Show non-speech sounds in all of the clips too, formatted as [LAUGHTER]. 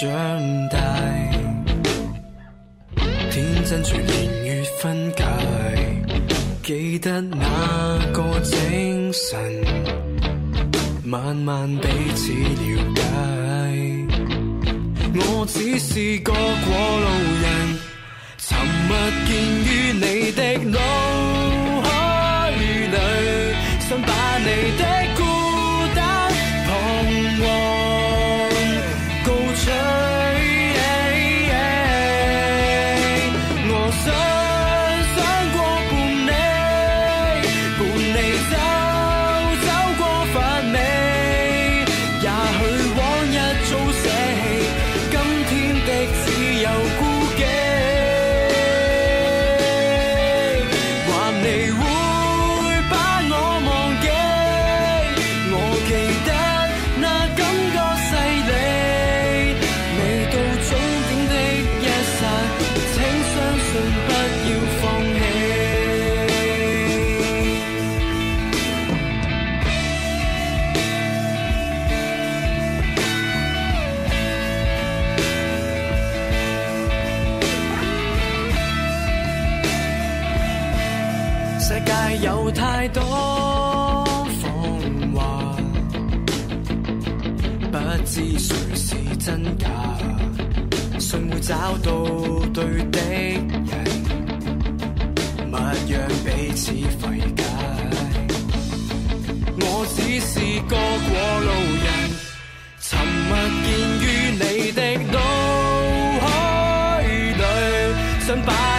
長大，天真隨年月分解。記得那個清晨，慢慢彼此了解。我只是個過路人，沉默見於你的腦海裡，想把你的。世界有太多謊話，不知誰是真假，誰會找到對的人，勿讓彼此費解。我只是個過路人，沉默見於你的腦海裡，想把。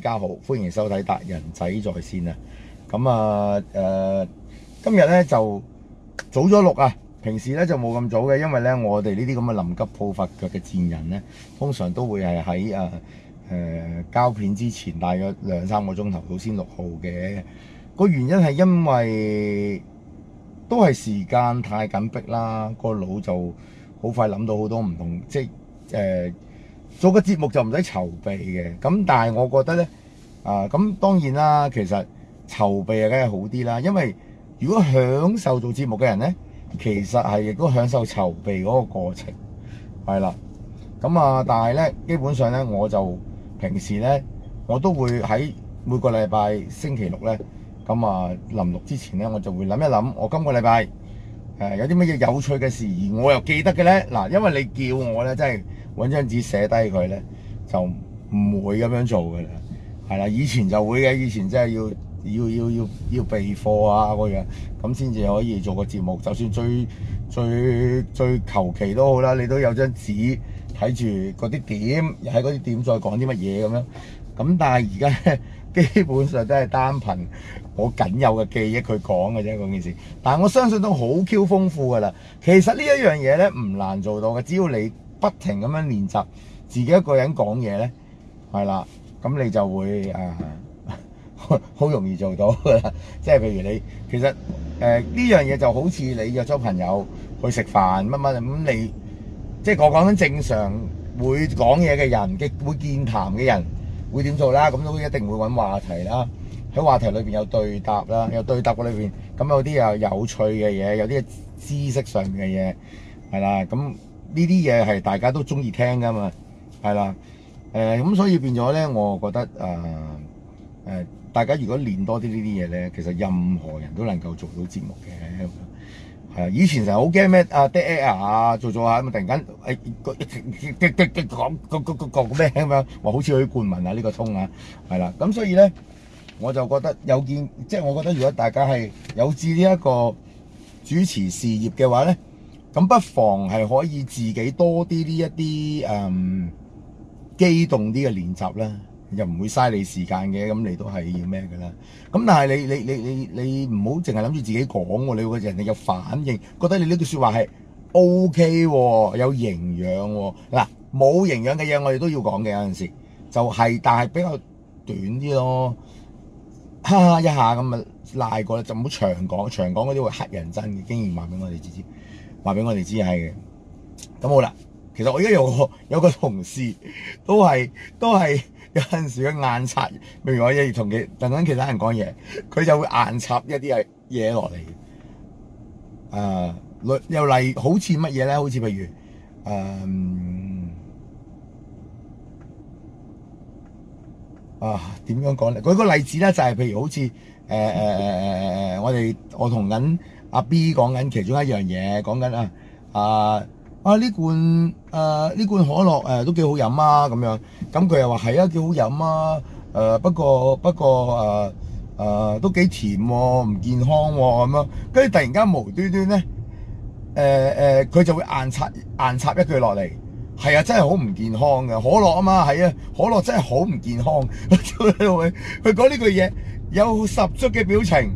大家好，歡迎收睇達仁在線啊！咁啊，誒，今日咧，就早咗錄啊，平時咧，就冇咁早嘅，因為咧我哋呢啲咁嘅臨急抱佛腳嘅賤人咧，通常都會係喺誒誒交片之前大約兩三個鐘頭到先錄好嘅。個原因係因為都係時間太緊迫啦，個腦就好快諗到好多唔同，即係誒。呃做個節目就唔使籌備嘅，咁但係我覺得呢，啊咁當然啦，其實籌備啊梗係好啲啦，因為如果享受做節目嘅人呢，其實係亦都享受籌備嗰個過程，係啦。咁啊，但係呢，基本上呢，我就平時呢，我都會喺每個禮拜星期六呢，咁啊臨錄之前呢，我就會諗一諗，我今個禮拜有啲乜嘢有趣嘅事，而我又記得嘅呢，嗱，因為你叫我呢，真係～揾張紙寫低佢呢，就唔會咁樣做嘅啦。係啦，以前就會嘅，以前真係要要要要要備課啊嗰樣，咁先至可以做個節目。就算最最最求其都好啦，你都有張紙睇住嗰啲點，喺嗰啲點再講啲乜嘢咁樣。咁但係而家咧，基本上都係單憑我僅有嘅記憶佢講嘅啫嗰件事。但係我相信都好 Q 豐富㗎啦。其實呢一樣嘢呢，唔難做到嘅，只要你，不停咁樣練習自己一個人講嘢咧，係啦，咁你就會誒好、啊、容易做到嘅。 [LAUGHS] 即係譬如你其實誒呢、呃、樣嘢就好似你約咗朋友去食飯乜乜咁，什麼什麼你即係我講緊正常會講嘢嘅人，嘅會健談嘅人會點做啦？咁都一定會揾話題啦，喺話題裏邊有對答啦，有對答嘅裏邊咁有啲又有趣嘅嘢，有啲知識上面嘅嘢係啦，咁。嗯呢啲嘢係大家都中意聽㗎嘛，係啦，誒咁所以變咗咧，我覺得誒誒大家如果練多啲呢啲嘢咧，其實任何人都能夠做到節目嘅，係啊，以前成日好驚咩啊 dead air 啊，做做下咁突然間誒個嘅嘅嘅講個個個講咩咁樣，我好似去冠民啊呢個通啊，係啦，咁所以咧我就覺得有見，即係我覺得如果大家係有志呢一個主持事業嘅話咧。咁不妨係可以自己多啲呢一啲誒機動啲嘅練習啦，又唔會嘥你時間嘅，咁你都係要咩嘅啦。咁但係你你你你你唔好淨係諗住自己講喎，你會人哋有反應，覺得你呢句説話係 OK 喎，有營養喎。嗱，冇營養嘅嘢我哋都要講嘅，有陣時就係、是，但係比較短啲咯，嚇一下咁啊賴過啦，就唔好長講，長講嗰啲會黑人憎嘅，經驗話俾我哋知知。話俾我哋知係嘅，咁好啦。其實我而家有個有個同事，都係都係有陣時佢硬插，譬如我而同佢等緊其他人講嘢，佢就會硬插一啲係嘢落嚟。誒、呃，又例好似乜嘢咧？好似譬如誒、呃，啊，點樣講咧？舉個例子咧，就係譬如好似誒誒誒誒誒，我哋我同緊。阿 B 講緊其中一樣嘢，講緊啊啊啊呢罐誒呢、啊、罐可樂誒都幾好飲啊咁樣，咁佢又話係啊幾好飲啊，誒、啊啊、不過不過誒誒、啊啊、都幾甜喎、啊，唔健康喎咁樣，跟、啊、住突然間無端端咧誒誒佢就會硬插硬插一句落嚟，係啊，真係好唔健康嘅可樂啊嘛係啊，可樂真係好唔健康，佢講呢句嘢有十足嘅表情。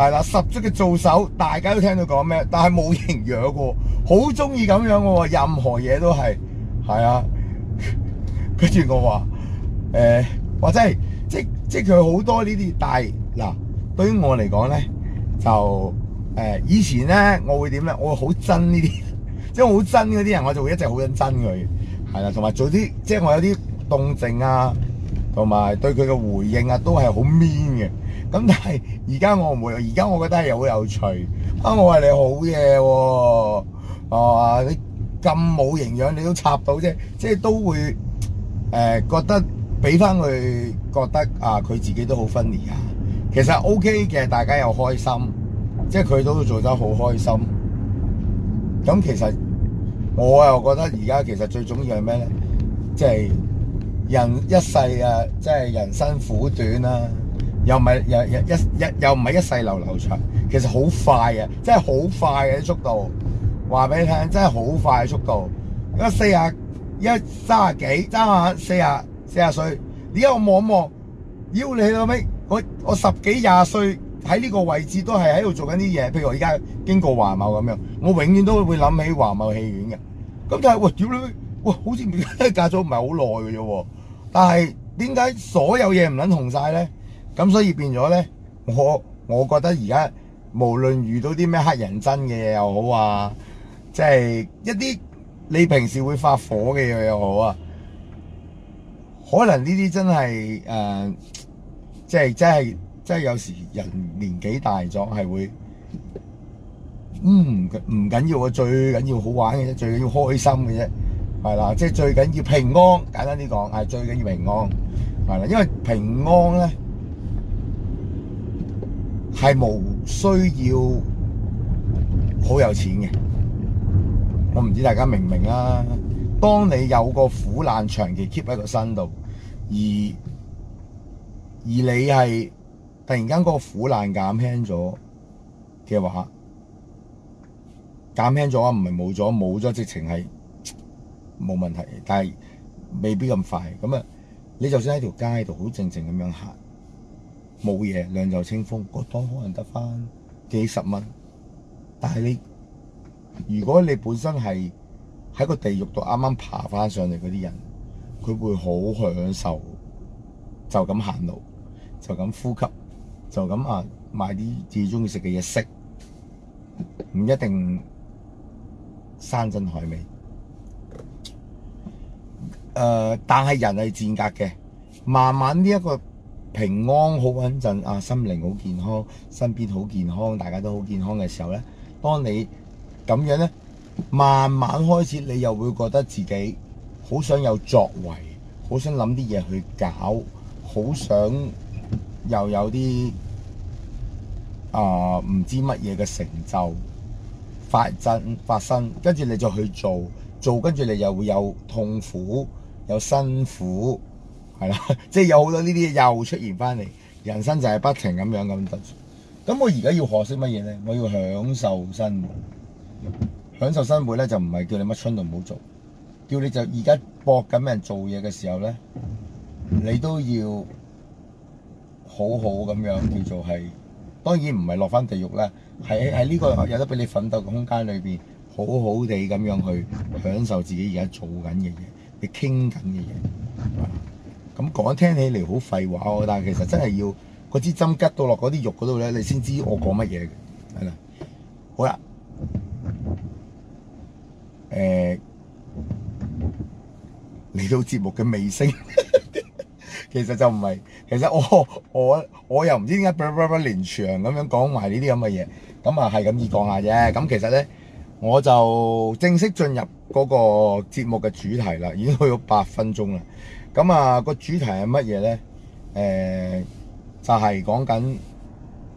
係啦，十足嘅做手，大家都聽到講咩？但係冇營養嘅，好中意咁樣嘅，任何嘢都係，係啊。跟 [LAUGHS] 住我話，誒、欸，或者係，即即佢好多呢啲，但係嗱，對於我嚟講咧，就誒、欸，以前咧我會點咧？我會好憎呢啲，即係我好憎嗰啲人，我就會一直好憎佢，係啦，同埋做啲，即係我有啲動靜啊，同埋對佢嘅回應啊，都係好 mean 嘅。咁但係而家我唔會，而家我覺得又好有趣。啊，我話你好嘢喎，啊你咁冇營養你都插到啫，即係都會誒、呃、覺得俾翻佢覺得啊，佢自己都好分 u 啊。其實 O K 嘅，大家又開心，即係佢都做得好開心。咁其實我又覺得而家其實最重要係咩咧？即、就、係、是、人一世啊，即、就、係、是、人生苦短啊！又唔係又一一又一一又唔係一世流流長，其實好快啊！真係好快嘅速度，話俾你聽，真係好快嘅速度。而家四啊一三啊幾，爭下四啊四啊歲。而家我望一望，妖你到尾，我我十幾廿歲喺呢個位置都係喺度做緊啲嘢，譬如我而家經過華茂咁樣，我永遠都會諗起華茂戲院嘅。咁但係哇屌你，哇好似隔咗唔係好耐嘅啫喎。但係點解所有嘢唔撚紅晒咧？咁所以變咗咧，我我覺得而家無論遇到啲咩黑人憎嘅嘢又好啊，即係一啲你平時會發火嘅嘢又好啊，可能呢啲真係誒，即係即係即係有時人年紀大咗係會，嗯唔緊要啊，最緊要好玩嘅啫，最緊要開心嘅啫，係啦，即係最緊要平安。簡單啲講係最緊要平安係啦，因為平安咧。係冇需要好有錢嘅，我唔知大家明唔明啦。當你有個苦難長期 keep 喺個身度，而而你係突然間個苦難減輕咗嘅話，減輕咗唔係冇咗，冇咗直情係冇問題，但係未必咁快。咁啊，你就算喺條街度好靜靜咁樣行。冇嘢，兩袖清風，個檔可能得翻幾十蚊。但係你，如果你本身係喺個地獄度啱啱爬翻上嚟嗰啲人，佢會好享受，就咁行路，就咁呼吸，就咁啊買啲自己中意食嘅嘢食，唔一定山珍海味。誒、呃，但係人係賤格嘅，慢慢呢、這、一個。平安好穩陣，啊，心靈好健康，身邊好健康，大家都好健康嘅時候呢，當你咁樣呢，慢慢開始，你又會覺得自己好想有作為，好想諗啲嘢去搞，好想又有啲啊唔知乜嘢嘅成就發進發生，跟住你就去做，做跟住你又會有痛苦，有辛苦。係啦，即係有好多呢啲嘢又出現翻嚟，人生就係不停咁樣咁。咁我而家要學識乜嘢咧？我要享受生活，享受生活咧就唔係叫你乜春都唔好做，叫你就而家搏緊命做嘢嘅時候咧，你都要好好咁樣叫做係。當然唔係落翻地獄啦，喺喺呢個有得俾你奮鬥嘅空間裏邊，好好地咁樣去享受自己而家做緊嘅嘢，你傾緊嘅嘢。咁講聽起嚟好廢話哦，但係其實真係要嗰支針拮到落嗰啲肉嗰度咧，你先知我講乜嘢。係啦，好啦，誒嚟到節目嘅尾聲，其實就唔係，其實我我我又唔知點解，啵啵啵連場咁樣講埋呢啲咁嘅嘢，咁啊係咁意講下啫。咁其實咧。我就正式進入嗰個節目嘅主題啦，已經去咗八分鐘啦。咁啊，個主題係乜嘢咧？誒、呃，就係、是、講緊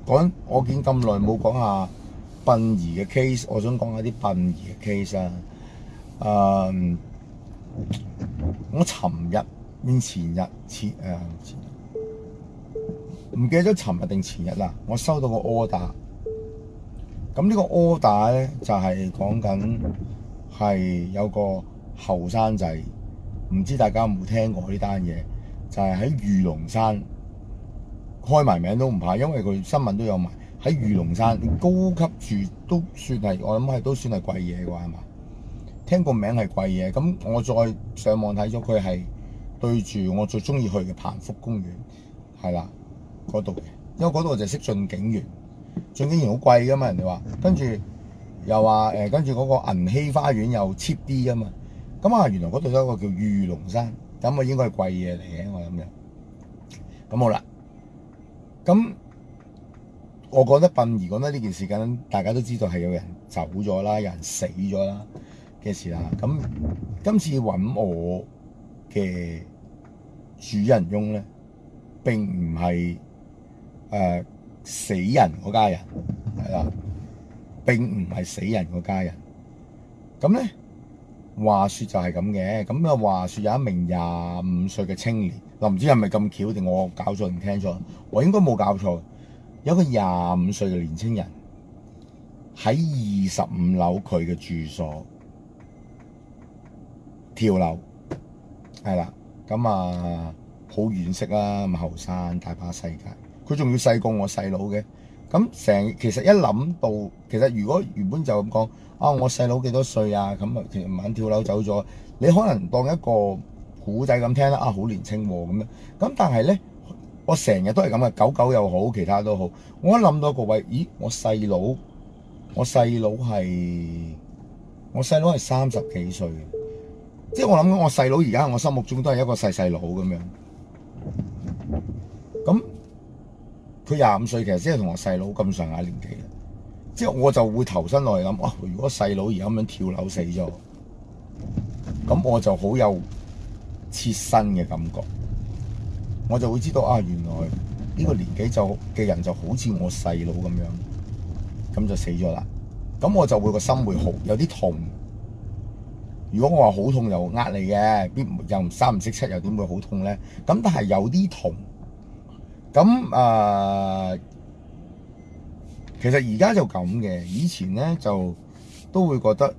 講，我見咁耐冇講下殯儀嘅 case，我想講下啲殯儀嘅 case 啊。誒、嗯，我尋日定前日，前誒唔記得咗尋日定前日啦。我收到個 order。咁呢個 order 咧就係、是、講緊係有個後生仔，唔知大家有冇聽過呢單嘢？就係喺御龍山開埋名都唔怕，因為佢新聞都有埋喺御龍山高級住都算係，我諗係都算係貴嘢啩？係嘛？聽個名係貴嘢，咁我再上網睇咗，佢係對住我最中意去嘅彭福公園，係啦嗰度嘅，因為嗰度就識駿景園。最竟然好貴噶嘛，人哋話，跟住又話，誒、呃，跟住嗰個銀禧花園又 cheap 啲噶嘛，咁啊，原來嗰度有一個叫御龍山，咁啊，應該係貴嘢嚟嘅，我諗嘅。咁好啦，咁我覺得殯儀講得呢件事，緊大家都知道係有人走咗啦，有人死咗啦嘅事啦。咁今次搵我嘅主人翁咧，並唔係誒。呃死人嗰家人，係啦，並唔係死人嗰家人。咁咧，話説就係咁嘅。咁啊，話説有一名廿五歲嘅青年，我唔知係咪咁巧定我搞錯定聽錯，我應該冇搞錯。有一個廿五歲嘅年青人喺二十五樓佢嘅住所跳樓，係啦，咁啊好惋惜啦。咁後生大把世界。佢仲要細過我細佬嘅，咁成其實一諗到，其實如果原本就咁講，啊我細佬幾多歲啊？咁啊，成晚跳樓走咗，你可能當一個古仔咁聽啦，啊好年輕喎咁樣。咁但係咧，我成日都係咁嘅，狗狗又好，其他都好。我一諗到一個位，咦我細佬，我細佬係我細佬係三十幾歲，即係我諗緊我細佬而家我心目中都係一個細細佬咁樣。佢廿五歲，其實先係同我細佬咁上下年紀啦。之後我就會投身落去諗，哦，如果細佬而家咁樣跳樓死咗，咁我就好有切身嘅感覺。我就會知道啊，原來呢個年紀嘅人就，就好似我細佬咁樣，咁就死咗啦。咁我就會個心會好有啲痛。如果我話好痛又呃你嘅，又唔三唔識七，又點會好痛咧？咁但係有啲痛。咁誒、呃，其實而家就咁嘅，以前咧就都會覺得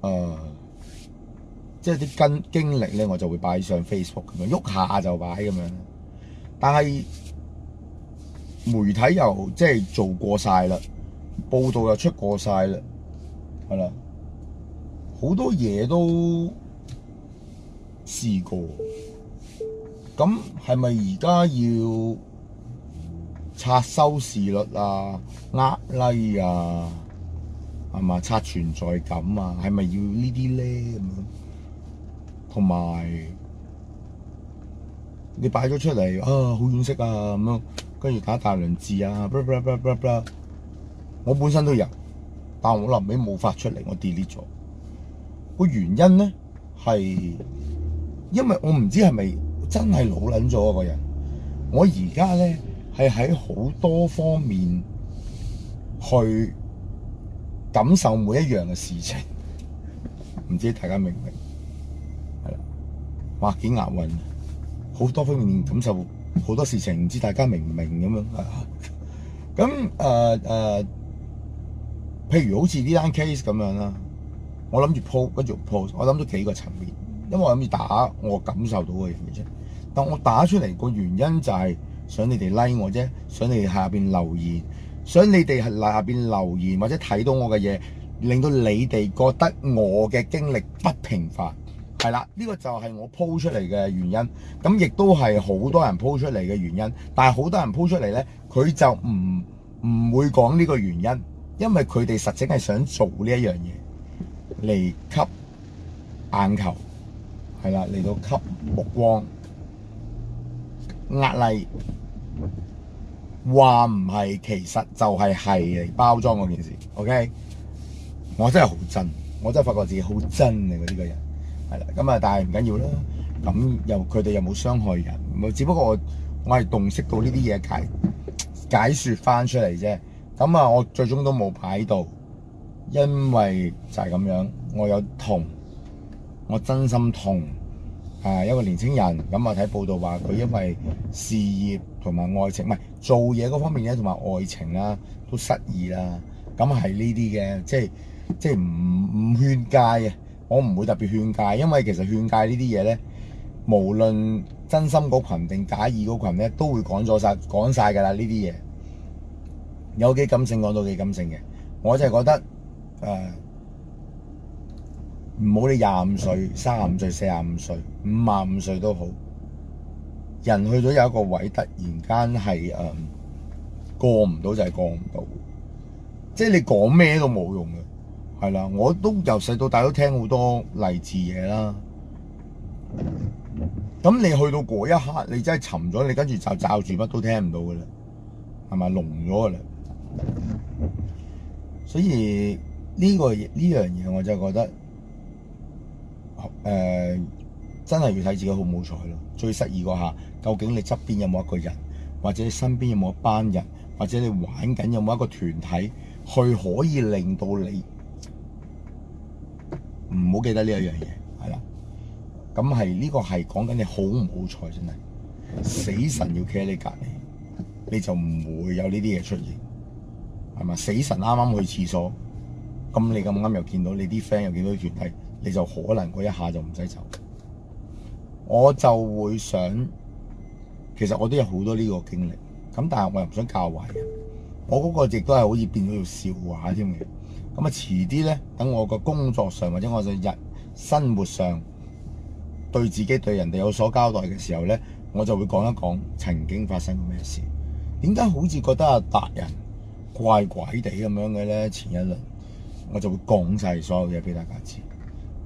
誒，即係啲跟經歷咧，我就會擺上 Facebook 咁樣，喐下就擺咁樣。但係媒體又即係、就是、做過晒啦，報道又出過晒啦，係啦，好多嘢都試過。咁係咪而家要？刷收視率啊，呃 like 啊，係嘛？刷存在感啊，係咪要呢啲咧咁樣？同埋你擺咗出嚟啊，好惋惜啊咁樣，跟住打大量字啊，blablablablabla。我本身都有，但我臨尾冇發出嚟，我 delete 咗個原因咧係因為我唔知係咪真係老撚咗嗰個人。我而家咧。係喺好多方面去感受每一樣嘅事情，唔 [LAUGHS] 知大家明唔明？係啦，畫景押韻，好多方面感受好多事情，唔知大家明唔明咁樣？咁誒誒，譬如好似呢單 case 咁樣啦，我諗住 post 跟住 p 我諗咗幾個層面，因為我諗住打，我感受到嘅嘢啫。但我打出嚟個原因就係、是。想你哋拉、like、我啫，想你哋下邊留言，想你哋係下邊留言或者睇到我嘅嘢，令到你哋覺得我嘅經歷不平凡，係啦，呢、這個就係我鋪出嚟嘅原因，咁亦都係好多人鋪出嚟嘅原因，但係好多人鋪出嚟咧，佢就唔唔會講呢個原因，因為佢哋實情係想做呢一樣嘢嚟吸眼球，係啦，嚟到吸目光。壓力話唔係，其實就係係嚟包裝嗰件事。OK，我真係好真，我真係發覺自己好真你嗰啲個人係啦，咁啊，但係唔緊要啦。咁又佢哋又冇傷害人，只不過我我係洞悉到呢啲嘢解解說翻出嚟啫。咁啊，我最終都冇擺到，因為就係咁樣，我有痛，我真心痛。啊，一個年輕人咁啊，睇報道話佢因為事業同埋愛情，唔係做嘢嗰方面咧，同埋愛情啦都失意啦，咁係呢啲嘅，即係即係唔唔勸戒嘅，我唔會特別勸戒，因為其實勸戒呢啲嘢咧，無論真心嗰羣定假意嗰羣咧，都會講咗晒，講晒㗎啦呢啲嘢，有幾感性講到幾感性嘅，我就係覺得啊～、呃唔好理廿五歲、三十五歲、四十五歲、五十五歲都好，人去咗有一個位，突然間係誒過唔到就係過唔到，即係你講咩都冇用嘅，係啦，我都由細到大都聽好多勵志嘢啦。咁你去到嗰一刻，你真係沉咗，你跟住就罩住，乜都聽唔到嘅啦，係咪聾咗嘅啦？所以呢個呢樣嘢，我就覺得。誒、呃，真係要睇自己好唔好彩咯。最失意個吓，究竟你側邊有冇一個人，或者你身邊有冇一班人，或者你玩緊有冇一個團體，去可以令到你唔好記得呢一樣嘢，係啦。咁係呢個係講緊你好唔好彩，真係死神要企喺你隔籬，你就唔會有呢啲嘢出現，係咪？死神啱啱去廁所，咁你咁啱又見到你啲 friend 有幾多團體。你就可能嗰一下就唔使走，我就會想，其實我都有好多呢個經歷，咁但係我又唔想教壞人。我嗰個亦都係好似變咗條笑話添嘅，咁啊遲啲咧，等我個工作上或者我嘅日生活上對自己對人哋有所交代嘅時候咧，我就會講一講曾經發生過咩事，點解好似覺得阿達仁怪怪地咁樣嘅咧？前一輪我就會講晒所有嘢俾大家知。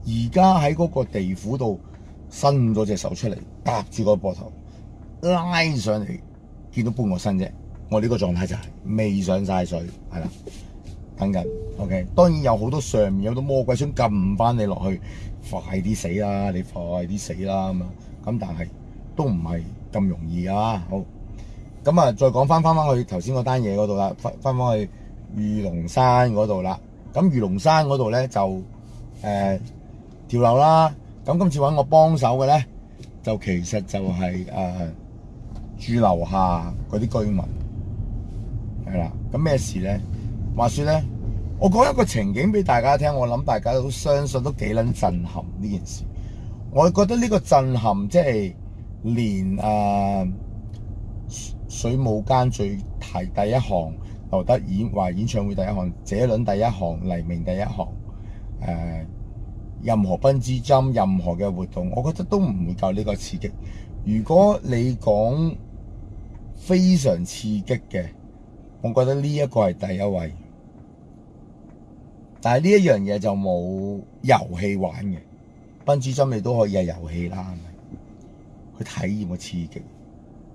而家喺嗰個地府度伸咗隻手出嚟，搭住個膊頭拉上嚟，見到半個身啫。我呢個狀態就係、是、未上晒水，係啦，等緊。O.K. 當然有好多上面有好多魔鬼想撳翻你落去，快啲死啦！你快啲死啦咁樣咁，但係都唔係咁容易啊。好，咁啊，再講翻翻翻去頭先嗰單嘢嗰度啦，翻翻翻去御龍山嗰度啦。咁御龍山嗰度咧就誒。呃跳樓啦！咁今次搵我幫手嘅咧，就其實就係誒住樓下嗰啲居民係啦。咁咩事咧？話說咧，我講一個情景俾大家聽，我諗大家都相信都幾撚震撼呢件事。我覺得呢個震撼即係連誒、呃、水舞間最提第一行劉德華話演唱會第一行這輪第一行黎明第一行誒。呃任何笨豬跳，任何嘅活動，我覺得都唔會夠呢個刺激。如果你講非常刺激嘅，我覺得呢一個係第一位。但係呢一樣嘢就冇遊戲玩嘅，笨豬跳你都可以係遊戲啦，係咪？去體驗個刺激。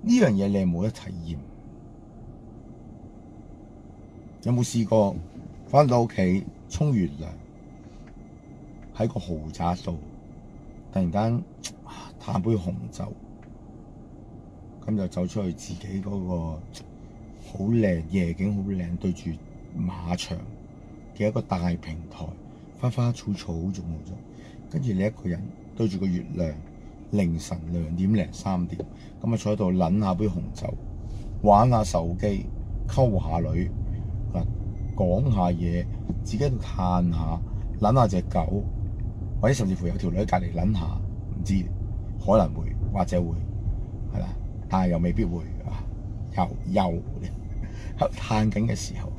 呢樣嘢你係冇得體驗，有冇試過返到屋企沖完涼？喺個豪宅度，突然間嘆杯紅酒，咁就走出去自己嗰個好靚夜景，好靚對住馬場嘅一個大平台，花花草草好重好重。跟住你一個人對住個月亮，凌晨兩點零三點，咁啊坐喺度撚下杯紅酒，玩下手機，溝下女啊，講下嘢，自己喺度嘆下，撚下一隻狗。或者甚至乎有條女隔籬諗下，唔知可能會或者會係啦，但係又未必會啊！又又嘆緊嘅時候，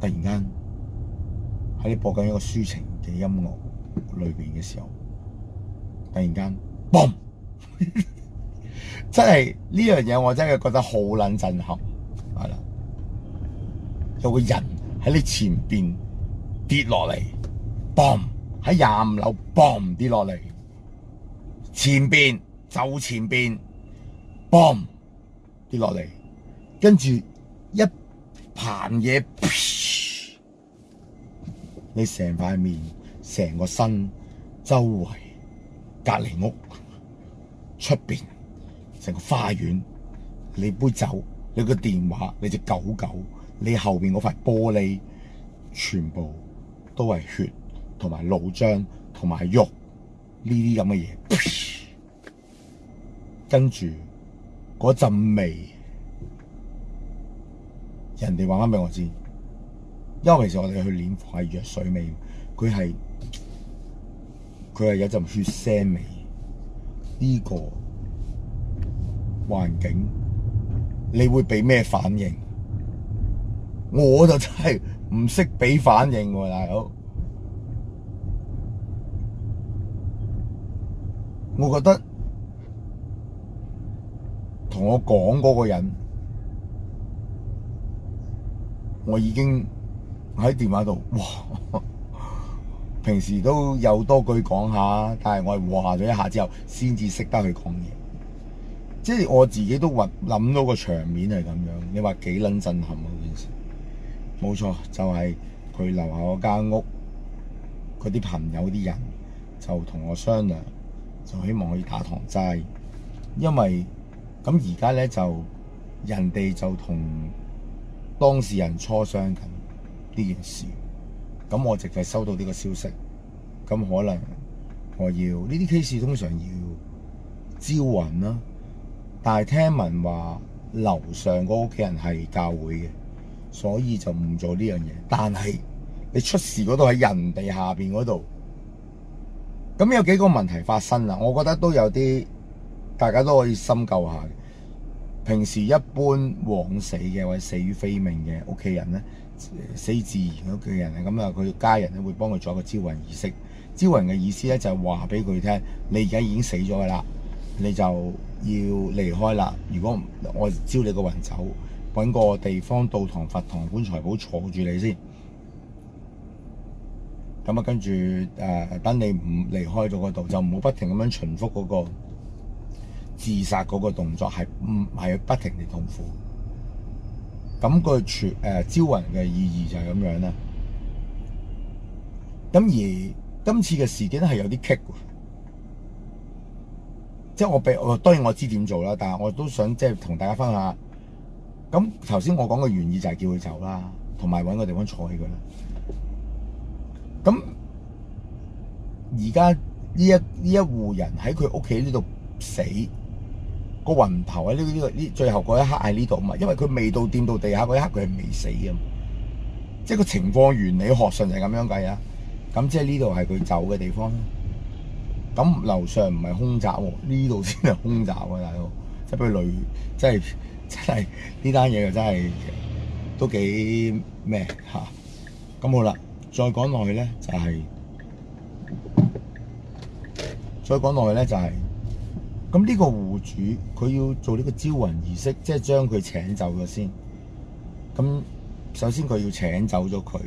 突然間喺你播緊一個抒情嘅音樂裏邊嘅時候，突然間嘣！真係呢樣嘢，我真係覺得好撚震撼，係啦，有個人喺你前邊跌落嚟，嘣！喺廿五樓嘣 o 跌落嚟，前邊就前邊嘣 o 跌落嚟，跟住一棚嘢，你成塊面、成個身、周圍隔離屋、出邊成個花園，你杯酒、你個電話、你隻狗狗、你後邊嗰塊玻璃，全部都係血。同埋老漿，同埋肉呢啲咁嘅嘢，跟住嗰陣味，人哋話翻畀我知，因為其實我哋去殮房係藥水味，佢係佢係有陣血腥味。呢個環境你會畀咩反應？我就真係唔識畀反應喎，大佬。我覺得同我講嗰個人，我已經喺電話度哇！平時都有多句講下，但係我係話咗一下之後，先至識得佢講嘢。即係我自己都話諗到個場面係咁樣。你話幾撚震撼啊？嗰件事冇錯，就係佢樓下嗰間屋，佢啲朋友啲人就同我商量。就希望可以打堂齋，因為咁而家咧就人哋就同當事人磋商緊呢件事，咁我直係收到呢個消息，咁可能我要呢啲 case 通常要招魂啦，但係聽聞話樓上嗰屋企人係教會嘅，所以就唔做呢樣嘢。但係你出事嗰度喺人哋下邊嗰度。咁有幾個問題發生啦，我覺得都有啲大家都可以深究下。平時一般枉死嘅或者死於非命嘅屋企人呢，死自然屋企人，咁啊佢家人咧會幫佢做一個招魂儀式。招魂嘅意思咧就係話俾佢聽，你而家已經死咗噶啦，你就要離開啦。如果我招你個魂走，揾個地方道堂、佛堂、棺材舖坐住你先。咁啊，跟住誒、呃，等你唔離開咗嗰度，就唔好不停咁樣重複嗰個自殺嗰個動作，係唔係不停地痛苦？咁佢全誒招魂嘅意義就係咁樣啦。咁而今次嘅事件係有啲棘㗎，即係我俾我當然我知點做啦，但係我都想即係同大家分享。咁頭先我講嘅原意就係叫佢走啦，同埋搵個地方坐起佢啦。咁而家呢一呢一戶人喺佢屋企呢度死，個雲頭喺呢呢個呢最後嗰一刻喺呢度嘛，因為佢未到掂到地下嗰一刻佢係未死嘅，即係個情況原理學上係咁樣計啊。咁即係呢度係佢走嘅地方。咁樓上唔係凶宅喎，呢度先係凶宅啊，大佬！即係譬如雷，即係即係呢單嘢就真係都幾咩吓。咁好啦。再講落去咧，就係，是，再講落去咧，就係咁呢個戶主佢要做呢個招魂儀式，即係將佢請走咗先。咁首先佢要請走咗佢，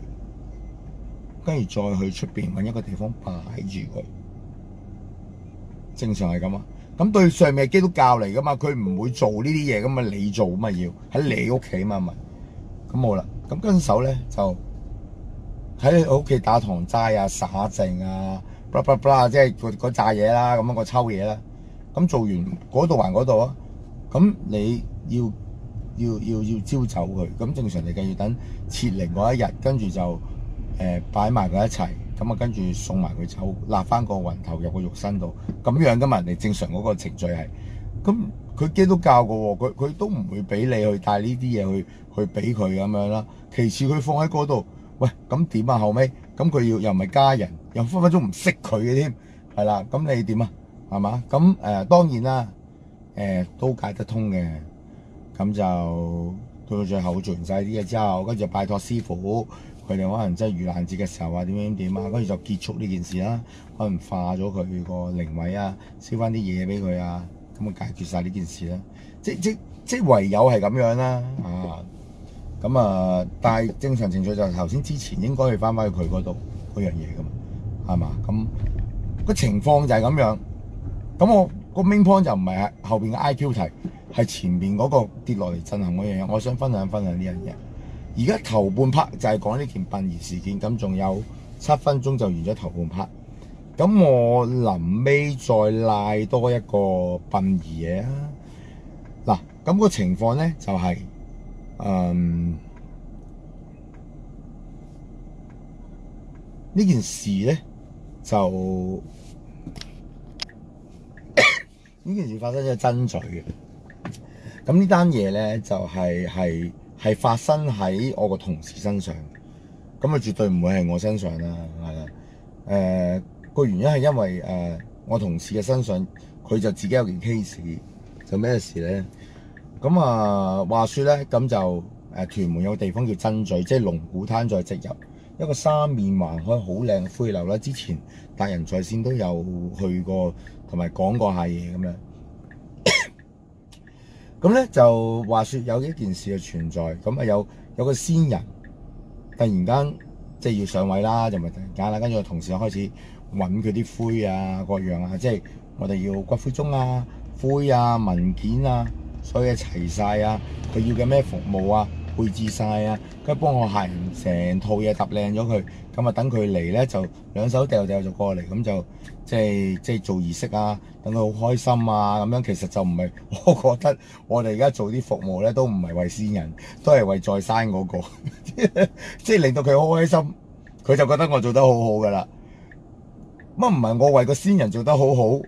跟住再去出邊揾一個地方擺住佢。正常係咁啊。咁對上面基督教嚟噶嘛，佢唔會做呢啲嘢，噶嘛。你做咪要喺你屋企啊嘛，係咪咁冇啦。咁跟手咧就。喺你屋企打堂齋啊、撒下淨啊、bla bla bla 即係個炸嘢啦，咁、那、樣個抽嘢啦。咁做完嗰度還嗰度啊。咁你要要要要招走佢。咁正常就係要等設靈嗰一日，跟住就誒、呃、擺埋佢一齊。咁啊，跟住送埋佢走，立翻個魂頭入個肉身度。咁樣噶嘛，人哋正常嗰個程序係。咁佢基督教個喎，佢佢都唔會俾你去帶呢啲嘢去去俾佢咁樣啦。其次佢放喺嗰度。喂，咁點啊？後尾，咁佢要又唔係家人，又分分鐘唔識佢嘅添，係啦。咁你點啊？係嘛？咁誒、呃、當然啦，誒、呃、都解得通嘅。咁就到最後做完晒啲嘢之後，跟住就拜託師傅，佢哋可能真係盂蘭節嘅時候點樣點樣啊，點點點啊，跟住就結束呢件事啦、啊。可能化咗佢個靈位啊，燒翻啲嘢俾佢啊，咁啊解決晒呢件事啦、啊。即即即唯有係咁樣啦、啊，啊！咁啊，但係正常程序就係頭先之前應該去翻翻去佢嗰度嗰樣嘢噶嘛，係嘛？咁個情況就係咁樣。咁我個 main point 就唔係後邊嘅 IQ 題，係前面嗰個跌落嚟進行嗰樣嘢。我想分享分享呢樣嘢。而家頭半 part 就係講呢件殯儀事件。咁仲有七分鐘就完咗頭半 part。咁我臨尾再賴多一個殯儀嘢啊！嗱，咁個情況咧就係、是。嗯，呢、um, 件事咧就呢 [COUGHS] 件事發生咗爭嘴嘅，咁呢單嘢咧就係係係發生喺我個同事身上，咁啊絕對唔會係我身上啦，係啦，誒、呃、個原因係因為誒、呃、我同事嘅身上佢就自己有件 case，就咩事咧？咁啊，話説咧，咁就誒，屯門有個地方叫真聚，即係龍鼓灘再直入一個三面橫開，好靚灰流啦。之前達仁在線都有去過，同埋講過下嘢咁樣。咁咧 [COUGHS] 就話説有一件事嘅存在，咁啊有有個先人突然間即係要上位啦，就咪突然間啦，跟住個同事開始揾佢啲灰啊，各樣啊，即係我哋要骨灰盅啊、灰啊、文件啊。所以齊晒啊，佢要嘅咩服務啊，配置晒啊，跟住幫我行成套嘢揼靚咗佢，咁啊等佢嚟咧就兩手掉掉就過嚟，咁就即係即係做儀式啊，等佢好開心啊，咁樣其實就唔係，我覺得我哋而家做啲服務咧都唔係為先人，都係為在生嗰個， [LAUGHS] 即係令到佢好開心，佢就覺得我做得好好噶啦，乜唔係我為個先人做得好好？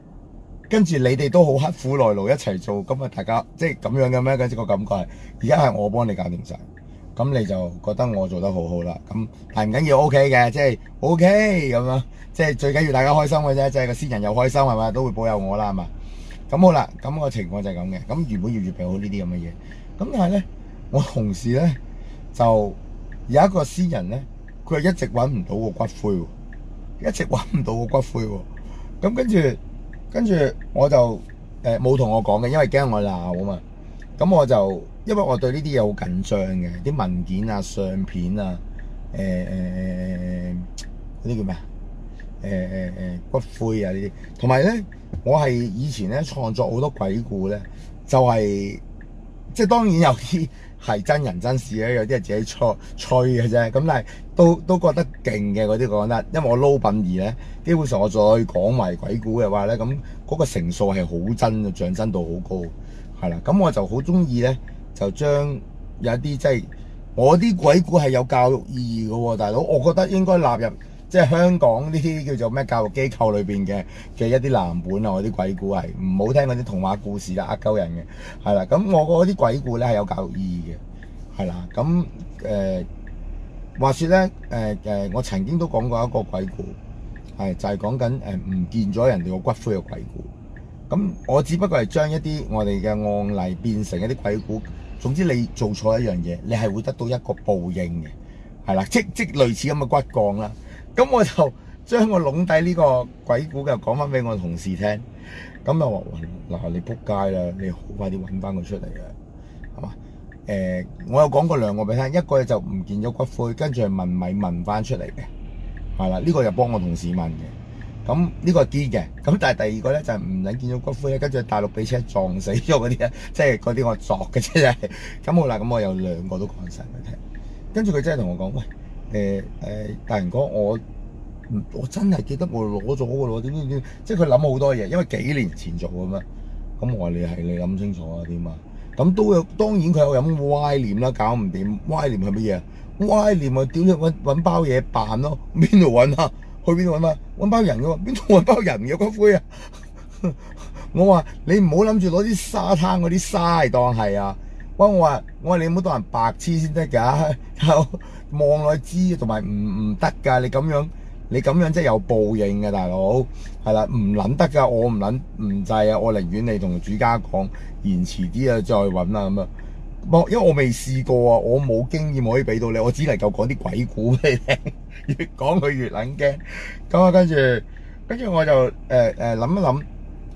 跟住你哋都好刻苦耐勞一齊做，咁啊大家即係咁樣嘅咩？嗰隻個感覺係，而家係我幫你搞掂晒，咁你就覺得我做得好好啦。咁係唔緊要，OK 嘅，即係 OK 咁樣，即係最緊要大家開心嘅啫，即係個先人又開心係嘛，都會保佑我啦係嘛。咁好啦，咁個情況就係咁嘅，咁原本要預備好呢啲咁嘅嘢。咁但係咧，我同事咧就有一個先人咧，佢係一直揾唔到個骨灰，一直揾唔到個骨灰喎。咁跟住。跟住我就誒冇同我講嘅，因為驚我鬧啊嘛。咁我就因為我對呢啲嘢好緊張嘅，啲文件啊、相片啊、誒誒嗰啲叫咩啊？誒誒誒骨灰啊呢啲。同埋咧，我係以前咧創作好多鬼故咧，就係、係、即係當然有啲係真人真事咧，有啲係自己吹吹嘅啫。咁但係。都都覺得勁嘅嗰啲講得，因為我撈品二咧，基本上我再講埋鬼故嘅話咧，咁、那、嗰個成數係好真，象真度好高，係啦。咁我就好中意咧，就將有一啲即係我啲鬼故係有教育意義嘅喎，大佬，我覺得應該納入即係、就是、香港呢啲叫做咩教育機構裏邊嘅嘅一啲藍本啊，我啲鬼故係唔好聽嗰啲童話故事啦，呃鳩人嘅，係啦。咁我嗰啲鬼故咧係有教育意義嘅，係啦。咁誒。呃話説咧，誒、呃、誒、呃，我曾經都講過一個鬼故，係就係、是、講緊誒唔見咗人哋個骨灰嘅鬼故。咁我只不過係將一啲我哋嘅案例變成一啲鬼故。總之你做錯一樣嘢，你係會得到一個報應嘅，係啦，即即類似咁嘅骨降啦。咁我就將我籠底呢個鬼故嘅講翻俾我同事聽。咁又話：嗱，你仆街啦，你好快啲揾翻佢出嚟啊，係嘛？誒，我有講過兩個俾聽，一個咧就唔見咗骨灰，跟住係問咪問翻出嚟嘅，係啦，呢個又幫我同事問嘅。咁呢個係堅嘅，咁但係第二個咧就係唔撚見咗骨灰咧，跟住大陸俾車撞死咗嗰啲咧，即係嗰啲我作嘅啫。咁好啦，咁我有兩個都講晒俾佢聽，跟住佢真係同我講，喂，誒誒，達仁哥，我唔，我真係記得我攞咗嘅咯，點點點，即係佢諗好多嘢，因為幾年前做嘅咩，咁我話你係你諗清楚啊，點啊？咁都有，當然佢有飲歪念啦，搞唔掂。歪念係乜嘢？歪念咪屌你揾揾包嘢扮咯，邊度揾啊？去邊度揾啊？揾包人嘅喎，邊度揾包人嘅骨灰啊？ [LAUGHS] 我話你唔好諗住攞啲沙灘嗰啲沙嚟當係啊！我話我話你唔好當人白痴先得㗎，望落去知同埋唔唔得㗎，你咁樣。你咁樣即係有報應嘅，大佬係啦，唔諗得㗎，我唔諗唔制啊，我寧願你同主家講延遲啲啊，再揾啦咁啊，冇，因為我未試過啊，我冇經驗可以俾到你，我只能夠講啲鬼故俾你聽，越講佢越撚驚，咁啊，跟住跟住我就誒誒諗一諗，誒、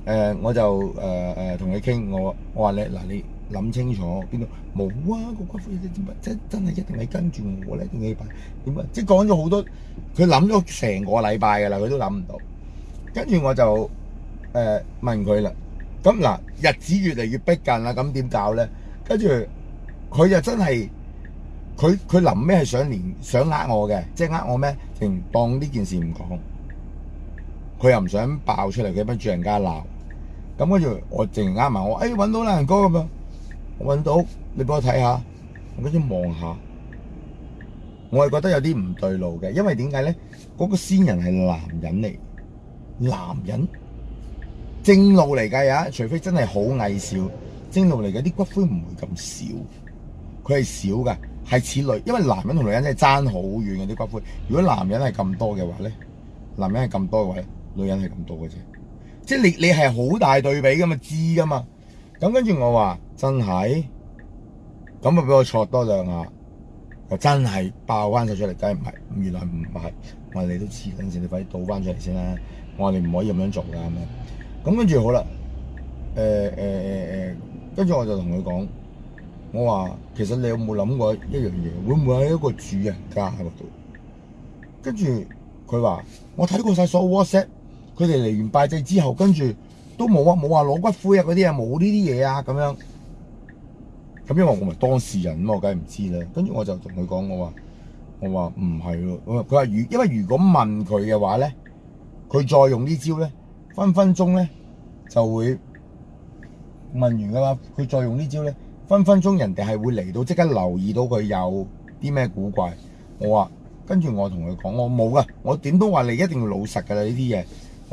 呃、我就誒誒同佢傾，我我話你嗱你。呃你諗清楚邊度冇啊！個骨灰點點乜？真真係一定係跟住我咧，一定要辦啊！即係講咗好多，佢諗咗成個禮拜噶啦，佢都諗唔到。跟住我就誒、呃、問佢啦。咁嗱，日子越嚟越逼近啦，咁點搞咧？跟住佢就真係佢佢臨尾係想連想呃我嘅，即係呃我咩？淨係當呢件事唔講，佢又唔想爆出嚟，佢俾住人家鬧。咁跟住我，我，竟然呃埋我，哎揾到男人哥咁噃！我搵到你，幫我睇下，我先望下，我係覺得有啲唔對路嘅，因為點解咧？嗰個先人係男人嚟，男人正路嚟計啊，除非真係好矮小，正路嚟嘅啲骨灰唔會咁少，佢係少噶，係似女，因為男人同女人真係爭好遠嘅啲骨灰。如果男人係咁多嘅話咧，男人係咁多位，女人係咁多嘅啫，即係你你係好大對比噶嘛，知噶嘛？咁跟住我話真係，咁啊俾我挫多兩下，又真係爆翻晒出嚟，梗係唔係，原來唔係，我話你都黐緊線，你快啲倒翻出嚟先啦，我話你唔可以咁樣做噶係咪？咁跟住好啦，誒誒誒誒，跟住、欸欸欸欸、我就同佢講，我話其實你有冇諗過一樣嘢，會唔會喺一個主人家喺度？跟住佢話我睇過晒所有 WhatsApp，佢哋嚟完拜祭之後，跟住。都冇啊，冇話攞骨灰啊嗰啲啊，冇呢啲嘢啊咁樣。咁因為我我咪當事人咁啊，我梗係唔知啦。跟住我就同佢講，我話我話唔係咯。佢話如因為如果問佢嘅話咧，佢再用呢招咧，分分鐘咧就會問完噶啦。佢再用呢招咧，分分鐘人哋係會嚟到即刻留意到佢有啲咩古怪。我話跟住我同佢講，我冇噶，我點都話你一定要老實噶啦呢啲嘢。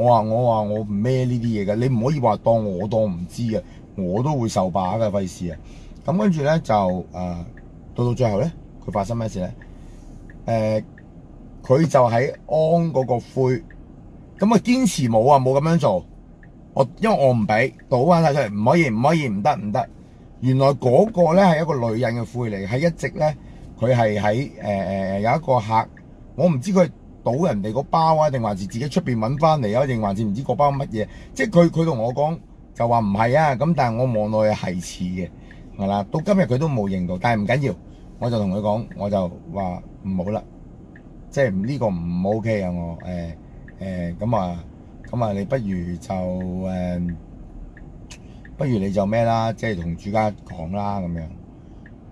我話我話我唔孭呢啲嘢嘅，你唔可以話當我當唔知嘅，我都會受把噶，費事啊！咁跟住咧就誒、呃、到到最後咧，佢發生咩事咧？誒、呃、佢就喺安嗰個灰，咁啊堅持冇啊冇咁樣做，我因為我唔俾倒翻晒出嚟，唔可以唔可以唔得唔得。原來嗰個咧係一個女人嘅灰嚟，係一直咧佢係喺誒誒有一個客，我唔知佢。到人哋個包啊，定還是自己出邊揾翻嚟啊？定還是唔知個包乜嘢、啊？即係佢佢同我講就話唔係啊。咁但係我望落去係似嘅，係啦。到今日佢都冇認到，但係唔緊要，我就同佢講，我就話唔好啦，即係呢個唔 ok 啊。我誒誒咁啊咁啊，你不如就誒、欸啊不，欸、不如你就咩啦、啊，即係同主家講啦咁樣。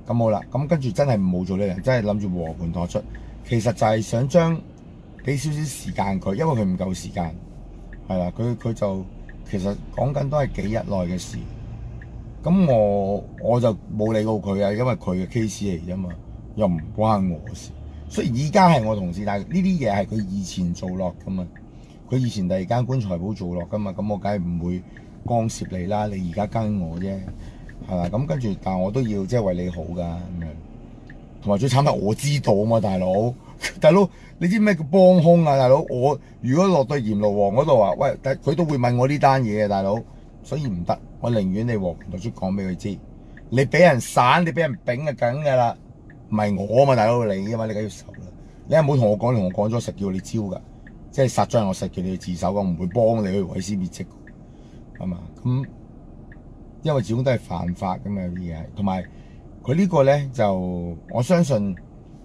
咁好啦，咁跟住真係冇做呢樣，真係諗住和盤托出。其實就係想將。俾少少時間佢，因為佢唔夠時間，係啦，佢佢就其實講緊都係幾日內嘅事。咁我我就冇理過佢啊，因為佢嘅 case 嚟啫嘛，又唔關我事。所以而家係我同事，但係呢啲嘢係佢以前做落噶嘛，佢以前第二間棺材鋪做落噶嘛，咁我梗係唔會干涉你啦。你而家跟我啫，係啦，咁跟住，但係我都要即係、就是、為你好噶咁樣，同埋最慘得我知道啊嘛，大佬。大佬，你知咩叫幫兇啊？大佬，我如果落到閻羅王嗰度啊，喂，佢都會問我呢單嘢啊，大佬，所以唔得。我寧願你黃大叔講俾佢知，你俾人散，你俾人丙就梗噶啦，唔係我嘛，大佬，你嘛，你梗要受啦。你係冇同我講，同我講咗實叫你招噶，即係殺咗人我實叫你自首，我唔會幫你去毀屍滅跡啊嘛。咁因為始終都係犯法噶嘛，啲嘢。同埋佢呢個咧就我相信，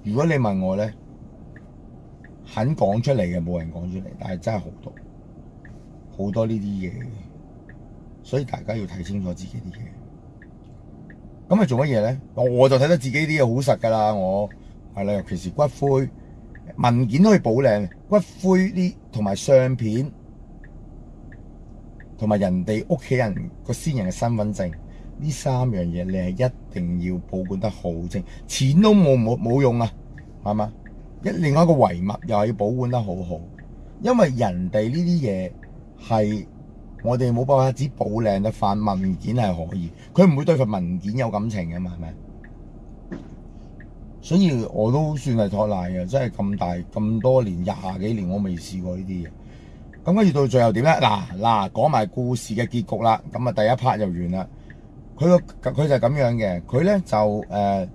如果你問我咧。肯講出嚟嘅冇人講出嚟，但係真係好多好多呢啲嘢，所以大家要睇清楚自己啲嘢。咁你做乜嘢咧？我就睇得自己啲嘢好實噶啦，我係啦，尤其是骨灰文件都可以補領，骨灰呢同埋相片同埋人哋屋企人個先人嘅身份證呢三樣嘢，你係一定要保管得好清，錢都冇冇冇用啊，係嘛。一另外一個遺物又係要保管得好好，因為人哋呢啲嘢係我哋冇辦法只保靚嘅，份文件係可以，佢唔會對份文件有感情㗎嘛，係咪？所以我都算係托賴嘅，真係咁大咁多年廿幾年，我未試過呢啲嘢。咁跟住到最後點咧？嗱嗱講埋故事嘅結局啦，咁啊第一 part 就完啦。佢個佢就咁樣嘅，佢咧就誒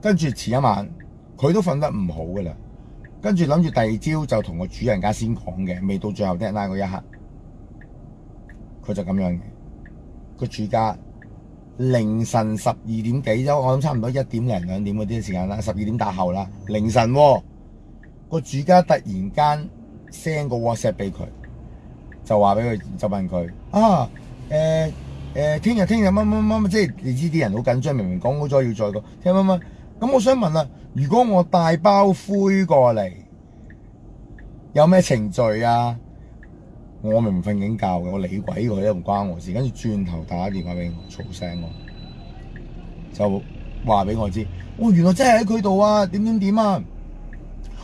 跟住遲一晚。佢都瞓得唔好噶啦，跟住諗住第二朝就同個主人家先講嘅，未到最後 deadline 一刻，佢就咁樣，個主家凌晨十二點幾，即係我諗差唔多一點零兩點嗰啲時間啦，十二點打後啦，凌晨個、喔、主家突然間 send 個 WhatsApp 俾佢，就話俾佢，就問佢啊，誒誒，聽日聽日乜乜乜乜，即係你知啲人好緊張，明明講好咗要再個，聽乜乜，咁我想問啊。如果我帶包灰過嚟，有咩程序啊？我明明瞓緊覺嘅，我理鬼佢都唔關我事，跟住轉頭打電話俾我，嘈醒我，就話俾我知，哦，原來真係喺佢度啊，點點點啊，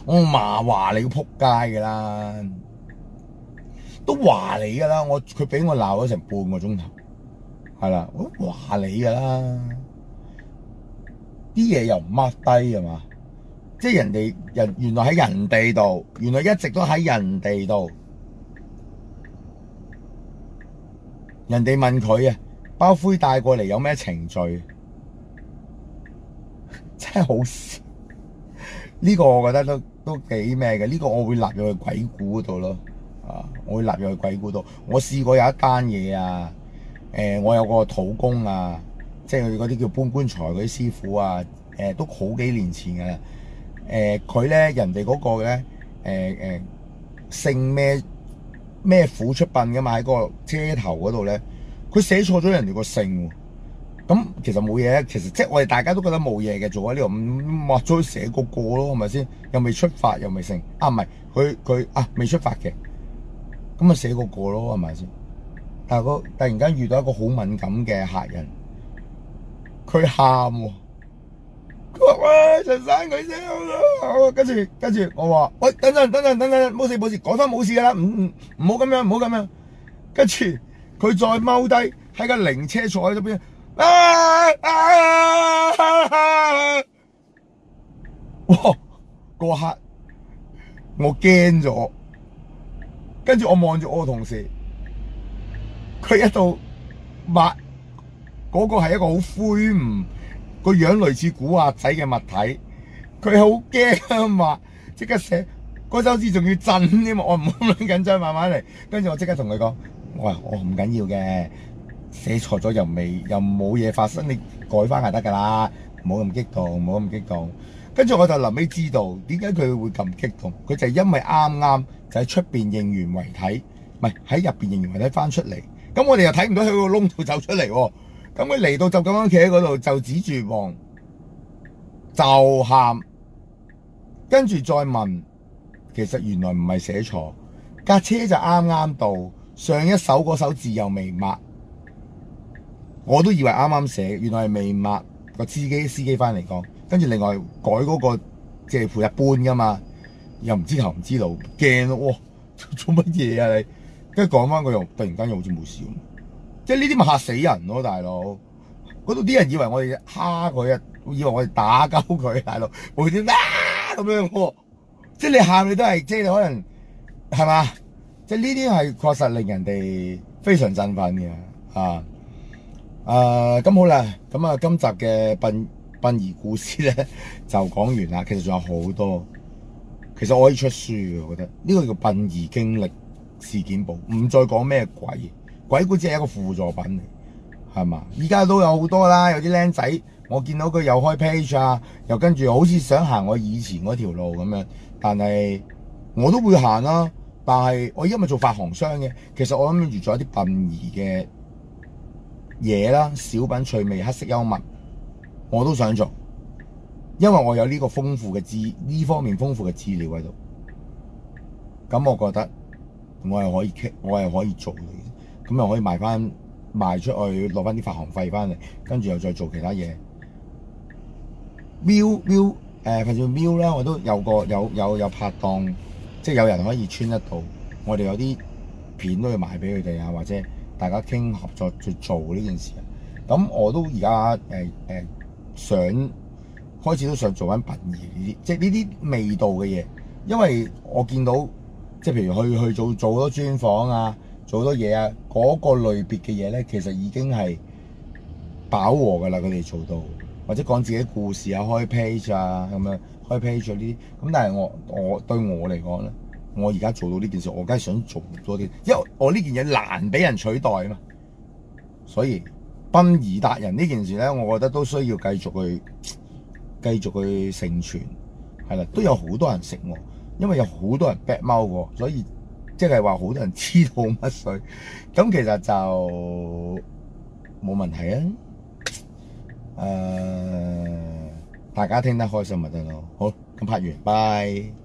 我罵，話你個扑街噶啦，都話你噶啦，我佢俾我鬧咗成半個鐘頭，係啦，我都話你噶啦。啲嘢又唔抹低係嘛？即係人哋人原來喺人哋度，原來一直都喺人哋度。人哋問佢啊，包灰帶過嚟有咩程序？ [LAUGHS] 真係好笑！呢、這個我覺得都都幾咩嘅，呢、這個我會納入去鬼故度咯。啊，我會納入去鬼故度。我試過有一單嘢啊，誒、呃，我有個土工啊。即係佢嗰啲叫搬棺材嗰啲師傅啊，誒、呃、都好幾年前㗎啦。誒，佢咧人哋嗰個咧，誒、呃、誒姓咩咩虎出殯㗎嘛？喺嗰個車頭嗰度咧，佢寫錯咗人哋個姓。咁其實冇嘢，其實，其實即係我哋大家都覺得冇嘢嘅，做喺呢度抹咗寫個個咯，係咪先？又未出發，又未成。啊唔係，佢佢啊未出發嘅，咁、嗯、啊寫個個咯，係咪先？但係佢突然間遇到一個好敏感嘅客人。佢喊喎，佢話、啊、喂陳生佢先好啦，跟住跟住我話，喂等等等等等等，冇事冇事，講真冇事㗎啦，唔唔唔好咁樣唔好咁樣，跟住佢再踎低喺個靈車坐喺度邊，啊啊啊，啊，啊！哇，嗰刻我驚咗，跟住我望住我同事，佢一度抹。嗰個係一個好灰梧，個樣類似古惑仔嘅物體。佢好驚啊嘛！即刻寫嗰首字，仲要震添，我唔好咁緊張，慢慢嚟。跟住我即刻同佢講，喂，我唔緊要嘅，寫錯咗又未又冇嘢發生，你改翻就得㗎啦，冇咁激動，冇咁激動。跟住我就臨尾知道點解佢會咁激動，佢就係因為啱啱就喺出邊認完遺體，唔係喺入邊認完遺體翻出嚟，咁我哋又睇唔到佢個窿度走出嚟喎。咁佢嚟到就咁樣企喺嗰度，就指住望，就喊，跟住再問，其實原來唔係寫錯，架車就啱啱到，上一手嗰首字又未抹，我都以為啱啱寫，原來係未抹。個司機司機翻嚟講，跟住另外改嗰個借賬一般㗎嘛，又唔知頭唔知路，驚喎，做乜嘢啊你？跟住講翻我又突然間又好似冇事。即係呢啲咪嚇死人咯，大佬！嗰度啲人以為我哋蝦佢啊，以為我哋打鳩佢，大佬，我哋啲啊咁樣，即係你喊你都係，即係可能係嘛？即係呢啲係確實令人哋非常振奮嘅，啊，誒，咁好啦，咁啊，今集嘅殯殯儀故事咧就講完啦，其實仲有好多，其實我可以出書嘅，我覺得呢、這個叫殯儀經歷事件簿，唔再講咩鬼。鬼故只係一個輔助品嚟，係嘛？而家都有好多啦，有啲靚仔，我見到佢又開 page 啊，又跟住好似想行我以前嗰條路咁樣，但係我都會行啦，啊。但係我而家做發行商嘅，其實我諗住做一啲殯儀嘅嘢啦，小品趣味、黑色幽默，我都想做，因為我有呢個豐富嘅資呢方面豐富嘅資料喺度，咁我覺得我係可以傾，我係可以做咁又可以賣翻賣出去攞翻啲發行費翻嚟，跟住又再做其他嘢。Miu Miu，誒，反正 Miu 啦，我都有個有有有拍檔，即係有人可以穿得到，我哋有啲片都要賣俾佢哋啊，或者大家傾合作去做呢件事啊。咁我都而家誒誒想開始都想做翻殯儀呢啲，即係呢啲味道嘅嘢，因為我見到即係譬如去去做做咗專訪啊。好多嘢啊！嗰、那個類別嘅嘢咧，其實已經係飽和噶啦。佢哋做到，或者講自己故事啊，開 page 啊，咁樣開 page 呢、啊、啲。咁但係我我對我嚟講咧，我而家做到呢件事，我梗係想做多啲，因為我呢件嘢難俾人取代啊嘛。所以殯儀達人呢件事咧，我覺得都需要繼續去繼續去成傳，係啦，都有好多人食我，因為有好多人 b 逼貓喎，所以。即係話好多人知道乜水，咁其實就冇問題啊。誒、呃，大家聽得開心咪得咯。好，咁拍完，拜。